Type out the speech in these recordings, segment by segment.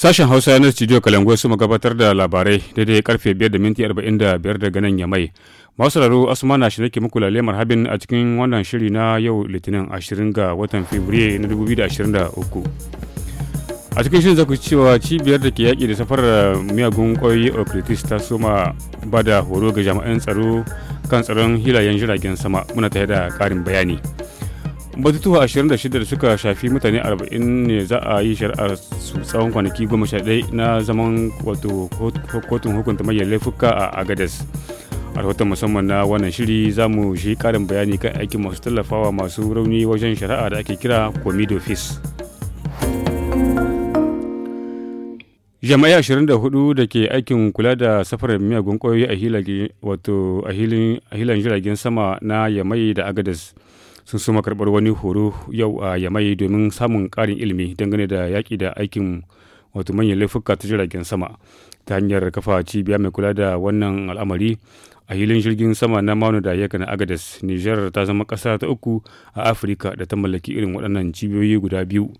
Sashen Hausa na Studio Kalangoy su gabatar da labarai daidai karfe 5 da minti 45 daga nan Yamai. Masu raro na shi ke muku lalemar habin a cikin wannan shiri na yau Litinin 20 ga watan Fabrairu na 2023. A cikin shirin zaku cewa cibiyar da ke yaƙi da safarar miyagun ƙwayoyi okritis ta soma ba da horo ga jami'an tsaro kan tsaron hilayen jiragen sama muna tare da ƙarin bayani. batutuwa 26 da suka shafi mutane 40 ne za a yi shari'ar su tsawon kwanaki 11 na zaman wato kotun hukunta mayan laifuka a agadas a rahoton musamman na wannan shiri za mu shi karin bayani kan aikin masu tallafawa masu rauni wajen shari'a da ake kira comido fis jama'i 24 da ke aikin kula da safarar miyagun kwayoyi a hilin jiragen sama na yamai da agadas sun suma karɓar wani horo yau a yamai domin samun karin ilimi dangane da yaƙi da aikin wato manyan laifuka ta jiragen sama ta hanyar kafa cibiya mai kula da wannan al'amari a hilin jirgin sama na manu da yakan agadas nijar ta zama ƙasa ta uku a afirka da ta mallaki irin waɗannan cibiyoyi guda biyu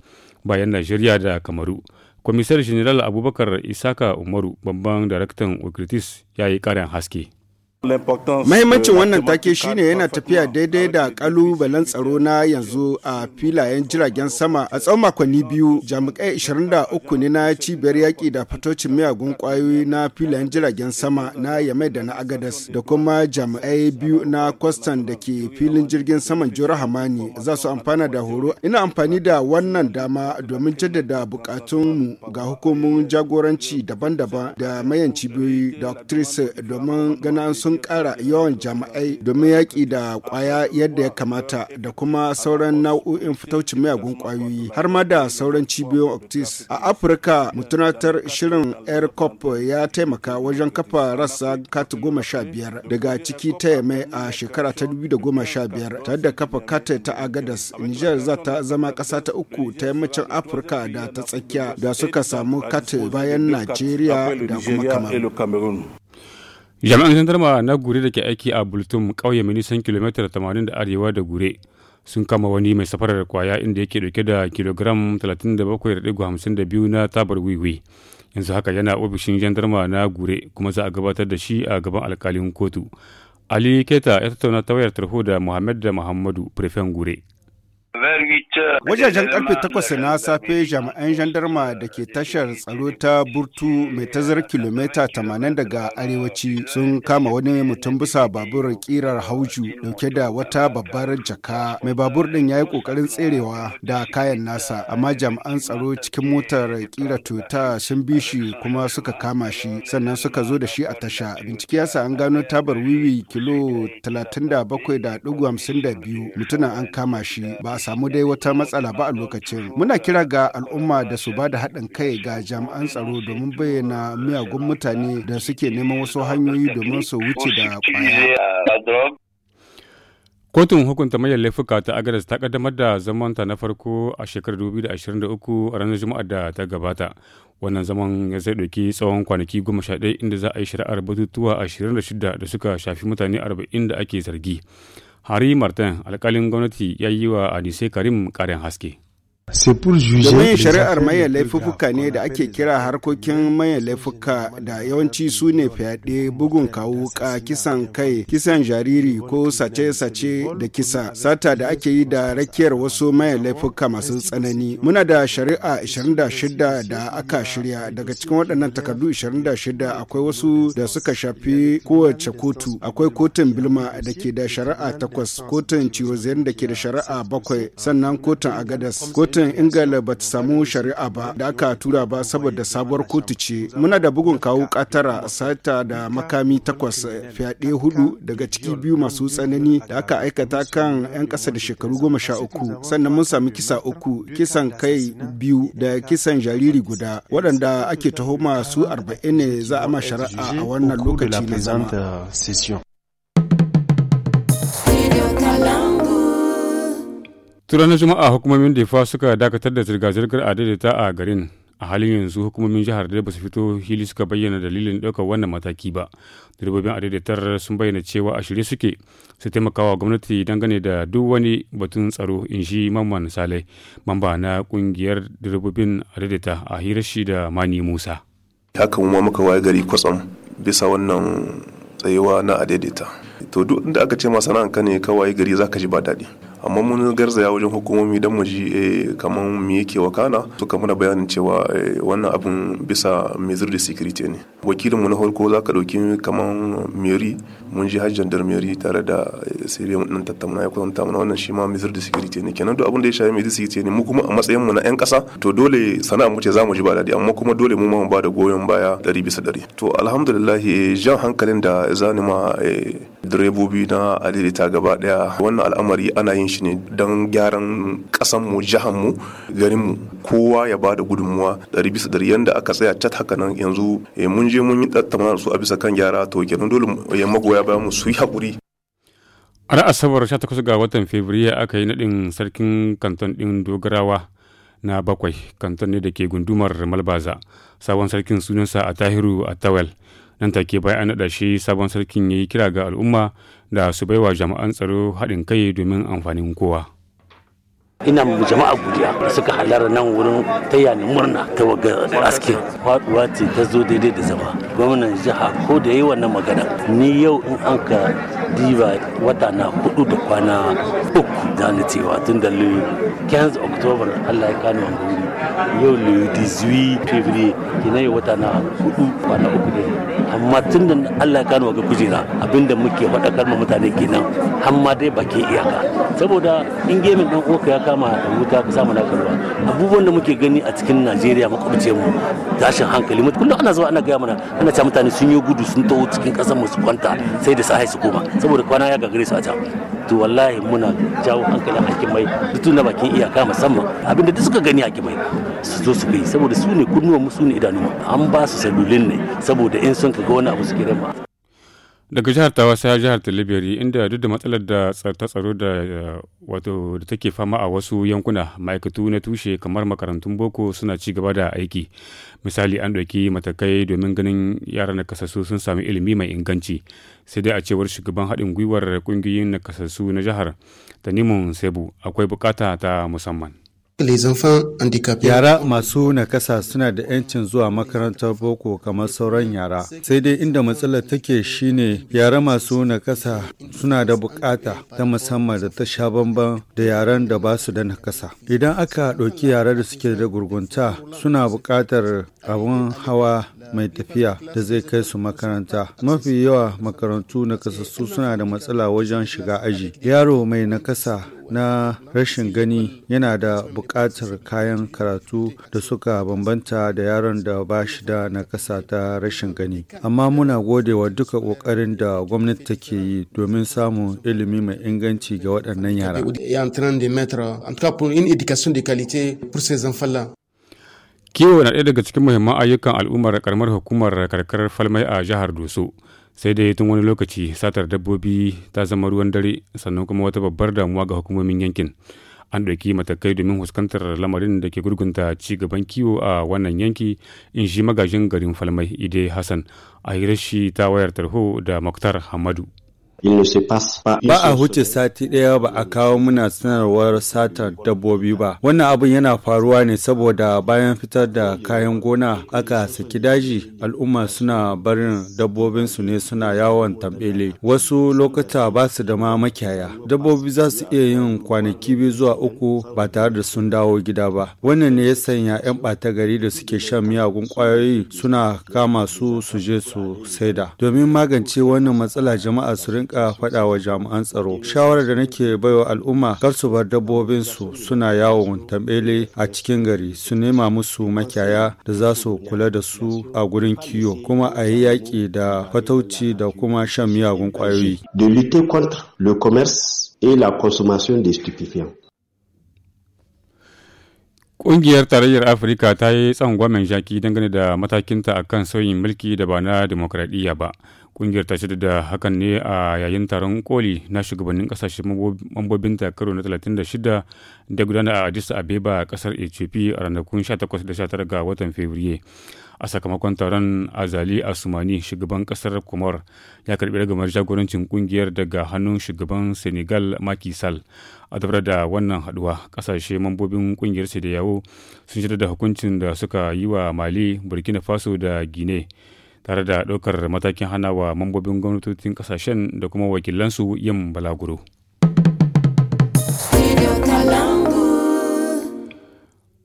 bayan najeriya da kamaru kwamisar general abubakar isaka umaru babban daraktan okritis ya yi ƙarin haske Mahimmancin wannan take shine yana tafiya daidai da kalubalen tsaro na yanzu a filayen jiragen sama a tsawon makonni biyu jami'ai 23 ne na cibiyar yaƙi da fatocin miyagun ƙwayoyi na filayen jiragen sama na yamai da na agadas da kuma jami'ai biyu na kwastan da ke filin jirgin saman jora hamani za su amfana da horo ina amfani da wannan dama domin jaddada bukatunmu ga hukumomin jagoranci daban-daban da mayan cibiyoyi da domin ganin sun sun ƙara yawan jami'ai domin yaƙi da ƙwaya yadda ya kamata da kuma sauran nau'o'in fitaucin miyagun ƙwayoyi har ma da sauran cibiyoyin octis. A Afirka mutunatar shirin air cop ya taimaka wajen kafa rasa kati goma sha biyar daga ciki ta yame a shekara ta dubu da goma sha biyar tare da kafa kata ta Agadas. Nijar za ta zama ƙasa ta uku ta yammacin Afirka da ta tsakiya da suka samu kata bayan Najeriya da kuma Kamaru. jami'an zandarma na gure da ke aiki a bultum kauye mai nisan kilomita 80 da arewa da gure sun kama wani mai safarar kwaya inda yake dauke da kilogram 37.52 na tabar wiwi yanzu haka yana ofishin jandarma na gure kuma za a gabatar da shi a gaban alkalin kotu ali keta ya tattauna ta wayar tarho da muhammad da muhammadu prefen gure Wajajen karfe 8 na safe jami'an jandarma da ke tashar tsaro ta Burtu mai tazar kilomita 80 daga arewaci sun kama wani mutum bisa babur kirar hauju dauke da wata babbar jaka. Mai babur din ya yi kokarin tserewa da kayan nasa amma jami'an tsaro cikin motar kira tuta sun bi shi kuma suka kama shi sannan suka zo da shi a tasha. Bincike ya an gano tabar wiwi kilo 37.52 mutumin an kama shi ba a samu dai wata matsala ba a lokacin. Muna kira ga al'umma da su ba da haɗin kai ga jami'an tsaro domin bayyana miyagun mutane da suke neman wasu hanyoyi domin su wuce da Kotun hukunta mayar laifuka ta Agadas ta kaddamar da zamanta na farko a shekarar 2023 a ranar Juma'ar da ta gabata. Wannan zaman zai ɗauki tsawon kwanaki 11 inda za a yi shari'ar batutuwa 26 da suka shafi mutane 40 da ake zargi. Hari Martin alkalin gwamnati ya yi wa Anise Karim ƙarin haske. Domin shari'ar maye laifuka ne da ake kira harkokin maye laifuka da yawanci su ne fyaɗe bugun kawo ka kisan kai kisan jariri ko sace-sace da kisa sata da ake yi da rakiyar wasu maye laifuka masu tsanani. Muna da shari'a 26 da aka shirya daga cikin waɗannan takardu 26 akwai wasu da suka shafi kowace kotu akwai kotun bilma da ke da shari'a takwas kotun ciwo da ke da shari'a bakwai sannan kotun agadas kotun kotun ingila ba ta samu shari'a ba da aka tura ba saboda sabuwar kotu ce muna da bugun kawo katara sata da makami takwas fyaɗe hudu daga ciki biyu masu tsanani da aka aikata kan 'yan ƙasa da shekaru goma sha uku sannan mun sami kisa uku kisan kai biyu da kisan jariri guda waɗanda ake taho su arba'in ne za a ma shari'a a wannan lokaci na zama Tun ranar Juma'a hukumomin Defa suka dakatar da zirga-zirgar adaidaita a garin. A halin yanzu hukumomin jihar da ba su fito hili suka bayyana dalilin ɗaukar wannan mataki ba. Direbobin adadatar sun bayyana cewa a shirye suke su taimakawa gwamnati dangane da duk wani batun tsaro in shi Mamman salai mamba na kungiyar direbobin adaidaita a hirar shi da Mani Musa. Haka kuma muka waye gari kwatsam bisa wannan tsayewa na daidaita To duk inda aka ce ma sana'anka ne kawai gari za ka ji ba daɗi. amma mun garzaya wajen hukumomi don mu ji eh, kamar mu yake wakana kamar da bayanin cewa eh, wannan abun bisa mezir da security ne wakilinmu na farko za ka ɗauki kamar meri mun ji hajjan dar meri tare da eh, sirri mu ɗin tattauna ya kwanta mana wannan shi ma mezir da security ne kenan duk abin da ya shafi mezir security ne mu kuma a matsayin mu na 'yan kasa. to dole sana'a mu ce za mu ji ba daɗi amma kuma dole mu ma mu ba da goyon baya ɗari bisa ɗari to alhamdulillah jan hankalin da zanima direbobi na adaidaita gaba daya wannan al'amari ana yin shi ne don gyaran kasanmu jihanmu garinmu kowa ya ba da gudunmuwa ɗari bisa ɗari yadda aka tsaya cat haka nan yanzu eh, mun je mun yi tattauna su a bisa kan gyara to kenan dole ya eh, magoya bayan mu su yi haƙuri a asabar 18 ga watan fabrairu aka yi naɗin sarkin kanton ɗin dogarawa na bakwai kanton ne da ke gundumar malbaza sabon sarkin sunansa a tahiru a tawel nan take bayan an naɗa shi sabon sarkin ya yi kira ga al'umma da su baiwa jama'an tsaro haɗin kai domin amfanin kowa. ina mu jama'a godiya da suka halara nan wurin taya ni murna ta waga aske faduwa ce ta zo daidai da zama gwamnan jiha ko da yi wannan magana ni yau in an ka diba wata na hudu da kwana uku da ni cewa tun da lu 15 october allah ya kano wani wuri yau lu 18 february kina yi wata na hudu kwana uku da amma tun da allah ya kano waga kujera abinda muke faɗakar ma mutane kenan har ma dai baki iyaka saboda in gemin ɗan uwa ya kama wuta ka samu na karuwa abubuwan da muke gani a cikin najeriya makwabce mu tashin hankali mutu kullum ana zuwa ana gaya mana ana ce mutane sun yi gudu sun taho cikin kasar mu su kwanta sai da sahai su koma saboda kwana ya gagare su a can to wallahi muna jawo hankalin hakimai duk na bakin iyaka musamman abinda da suka gani hakimai su zo su kai saboda su ne kunnuwan mu su ne idanu an ba su salulin ne saboda in sun ka ga wani abu su kira ma daga jihar tawa sai jihar talibiri inda duk da matsalar da ta tsaro da wato da take fama a wasu yankuna ma'aikatu na tushe kamar makarantun boko suna ci gaba da aiki misali an ɗauki matakai domin ganin yaran nakasassu sun sami ilimi mai inganci sai dai a cewar shugaban haɗin gwiwar ƙungiyoyin nakasassu na jihar tanimun sebu akwai bukata ta musamman Les enfants handicapés. Yara masu nakasa suna da 'yancin zuwa makarantar boko kamar sauran yara. Sai dai inda matsalar take shine yara masu nakasa suna da bukata ta musamman da ta sha bamban da yaran da ba su da nakasa. Idan aka ɗauki yara da suke da gurgunta suna bukatar abun hawa mai tafiya da zai kai su makaranta. Mafi yawa makarantu nakasassu suna da matsala wajen shiga aji. Yaro mai nakasa na rashin gani yana da buƙatar kayan karatu da suka bambanta da yaron da ba shi da nakasa ta rashin gani. Amma muna gode wa duka ƙoƙarin da gwamnati take yi domin samun ilimi mai inganci ga waɗannan yara. Kiwo na ɗaya daga cikin muhimman ayyukan al'ummar karamar hukumar karkarar falmai a jihar Doso. sai dai tun wani lokaci satar dabbobi ta zama ruwan dare sannan kuma wata babbar damuwa ga hukumomin yankin an ɗauki matakai domin fuskantar lamarin da ke gurgunta ci gaban kiwo a wannan yanki in shi magajin garin falmai ide hassan a shi ta wayar tarho da muktar hamadu Ba a huce sati ɗaya ba a kawo muna sanarwar satar dabbobi ba. Wannan abin yana faruwa ne saboda bayan fitar da kayan gona aka saki daji al'umma suna barin dabbobin su ne suna yawon tambele. Wasu lokuta ba su da ma makiyaya. Dabbobi za su iya yin kwanaki biyu zuwa uku ba tare da sun dawo gida ba. Wannan ne ya sanya 'yan bata gari da suke shan miyagun kwayoyi suna kama su su je su saida. Domin magance wannan matsala jama'a su rinka rinka faɗa wa jami'an tsaro shawarar da nake baiwa al'umma kar su bar dabbobin su suna yawon tambele a cikin gari su nema musu makiyaya da za su kula da su a gurin kiyo kuma a yi yaƙi da fatauci da kuma shan miyagun ƙwayoyi de lutter contre le commerce et la consommation des stupéfiants Ƙungiyar Tarayyar Afirka ta yi tsangwamen shaki dangane da matakinta a kan sauyin mulki da ba na demokradiyya ba. kungiyar ta shirya da hakan ne a yayin taron koli na shugabannin mambobin ta karo na 36 da gudana a Addis Abeba kasar Ethiopia a ranakun 18 da 19 ga watan Fabrairu. a sakamakon taron azali asumani shugaban kasar kumar ya karbi ragamar jagorancin kungiyar daga hannun shugaban senegal makisal a dabar da wannan haduwa kasashe mambobin kungiyar yawo sun shirya da hukuncin da suka yi wa mali burkina faso da guinea tare da ɗaukar matakin hana wa mambobin gwamnatocin ƙasashen da kuma wakilansu yin balaguro.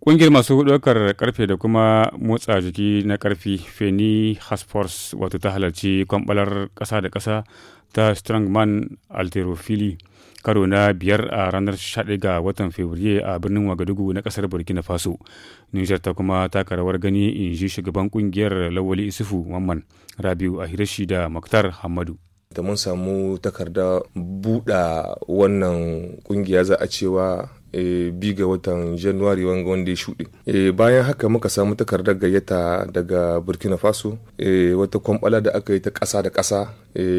Ƙungiyar masu ɗaukar ƙarfe da kuma motsa jiki na ƙarfi Feni hasfors wato ta halarci kwamɓalar ƙasa da ƙasa ta Strongman Alterofili. karo na biyar a ranar 11 ga watan Fabrairu a birnin Wagadugu na kasar Burkina Faso. Nijar ta kuma taka rawar gani in ji shugaban kungiyar Lawali Isufu Mamman Rabiu a Hirashi da Maktar Hamadu. Da mun samu takarda buɗa wannan kungiya za a cewa Eh, bi ga watan januari wanga wanda ya shuɗe eh, bayan haka muka samu takardar gayyata daga burkina faso eh, wata kwamɓala da aka yi ta ƙasa da ƙasa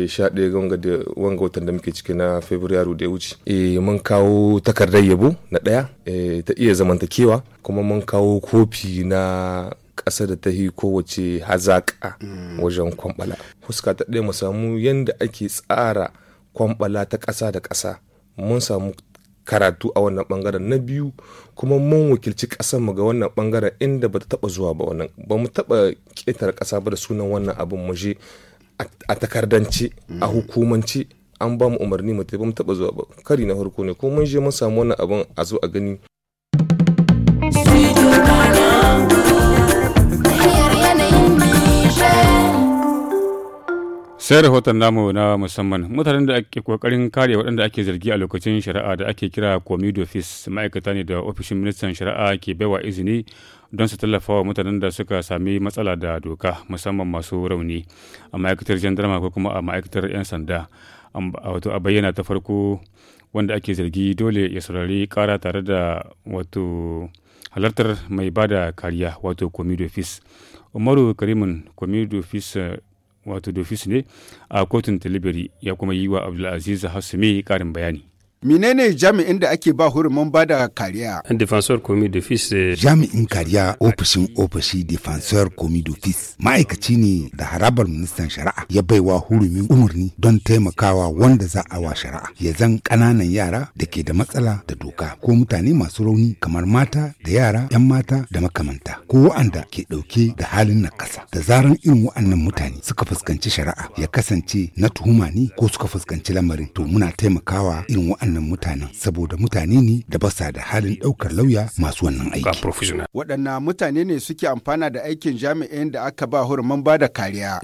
sha ɗaya wanga watan da muke ciki na february da ya wuce mun kawo takardar yabo na ɗaya ta iya zamantakewa kuma mun kawo kofi na ƙasa da ta yi kowace hazaƙa mm. wajen kwamɓala fuska ta ɗaya mu samu yadda ake tsara kwamɓala ta ƙasa da ƙasa mun samu karatu a wannan bangaren na biyu kuma mun wakilci ƙasar mu ga wannan bangaren inda ba ta taba zuwa ba wannan ba mu taba ƙetare kasa ba da sunan wannan abin mu je a takardance a mm. hukumance an ba mu umarni mu taba zuwa ba kari na farko ne ko mun je mun samu wannan abin a zo a gani sai rahoton namu na musamman mutanen da ake kokarin kare waɗanda ake zargi a lokacin shari'a da ake kira comedy office ma'aikata ne da ofishin ministan shari'a ke baiwa izini don su tallafa wa mutanen da suka sami matsala da doka musamman masu rauni a ma'aikatar jandarma ko kuma a ma'aikatar 'yan sanda wato a bayyana ta farko wanda ake zargi dole ya saurari kara tare da wato halartar mai bada kariya wato comedy office umaru karimin comedy office. wato dofis ne a kotun talibiri ya kuma yi wa abdulaziz hasumi karin bayani Menene jami'in da ake ba hurumin ba da kariya? Defensor Commis d'Office. Jami'in kariya ofishin ofishi Defensor Commis d'Office ma'aikaci ne da harabar ministan shari'a ya baiwa hurumin umarni don taimakawa wanda za a wa shari'a ya zan ƙananan yara da ke da matsala da doka ko mutane masu rauni kamar mata da yara 'yan mata da makamanta ko wa'anda ke ɗauke da halin na ƙasa da zaran irin wa'annan mutane suka fuskanci shari'a ya kasance na tuhuma ne ko suka fuskanci lamarin to muna taimakawa irin wa'annan wa'annan mutanen saboda mutane ne da basa da halin ɗaukar lauya masu wannan aiki. Waɗanna mutane ne suke amfana da aikin jami'in da aka ba hurumin ba da kariya.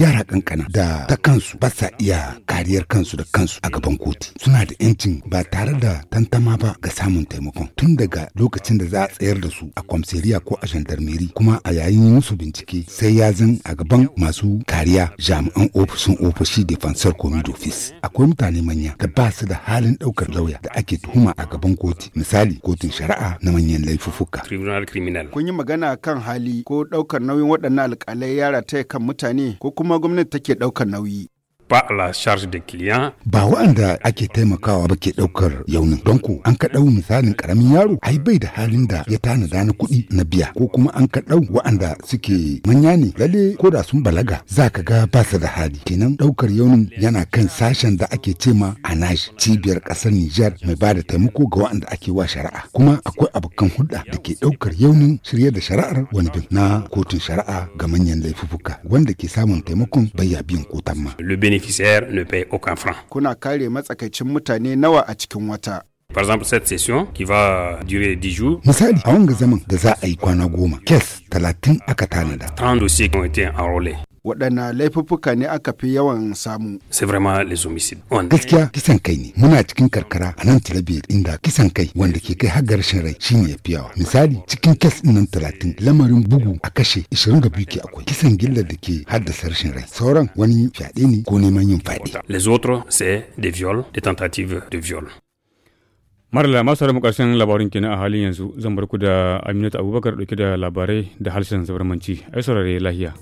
Yara kankana da ta kansu ba sa iya kariyar kansu da kansu a gaban kotu. Suna da 'yancin ba tare da tantama ba ga samun taimakon tun daga lokacin da za a tsayar da su a kwamseriya ko a jandarmeri kuma a yayin musu bincike sai ya zan a gaban masu kariya jami'an ofishin ofishi defensor komi office. Akwai mutane mutane manya da ba su da halin ɗaukar lauya da ake tuhuma a gaban kotu misali kotun shari'a na manyan laifuffuka. Kun yi magana kan hali ko ɗaukar nauyin waɗannan alƙalai yara ta kan mutane ko kuma gwamnati take ɗaukar nauyi. ba la charge de client ba wa'anda ake taimakawa ba ke daukar yaunin don ko an ka dau misalin karamin yaro ai bai da halin da ya tanada na kuɗi na biya ko kuma an ka dau wa'anda suke manya ne lalle ko da sun balaga za ka ga ba su da hali kenan daukar yaunin yana kan sashen da ake cema anash cibiyar ƙasar Nijar mai ba da taimako ga wa'anda ake wa shari'a kuma akwai abokan hulɗa da ke daukar yaunin shirye da shari'ar wani bin na kotun shari'a ga manyan laifuka wanda ke samun taimakon bayya biyan kotan ma. bénéficiaires ne paient aucun franc. Kuna kare matsakaicin mutane nawa a cikin wata? par exemple cette session qui va durer 10 jours misali a wanga zaman da za a yi kwana goma kes talatin aka tanada 30 dossiers qui ont été enrôlés waɗanne laifuffuka ne aka fi yawan samu. c'est vraiment les Gaskiya kisan kai ne muna cikin karkara a nan talabi inda kisan kai wanda ke kai har rashin rai shine ne fi yawa. Misali cikin kes ɗin nan talatin lamarin bugu a kashe ishirin da biyu ke akwai kisan gilla da ke haddasa rashin rai sauran wani fyaɗe ne ko neman yin fyaɗe. Les autres c'est des viols, des tentatives de viol. Marla masu mu karshen labarin kenan a halin yanzu zan bar da Aminatu Abubakar dauke da labarai da harshen zabarmanci. Ai saurare lahiya.